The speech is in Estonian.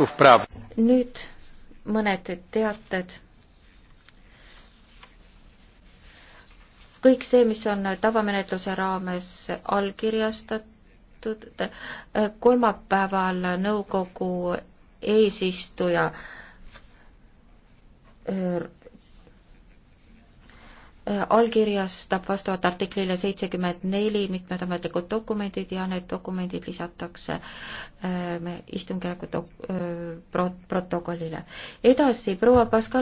nüüd mõned teated. kõik see, mis on tavamenetluse raames allkirjastatud, kolmapäeval nõukogu eesistuja Äh, allkirjastab vastavalt artiklile seitsekümmend neli mitmed ametlikud dokumendid ja need dokumendid lisatakse äh, istungjärgu dok-, äh, pro-, protokollile. edasi, proua Pascal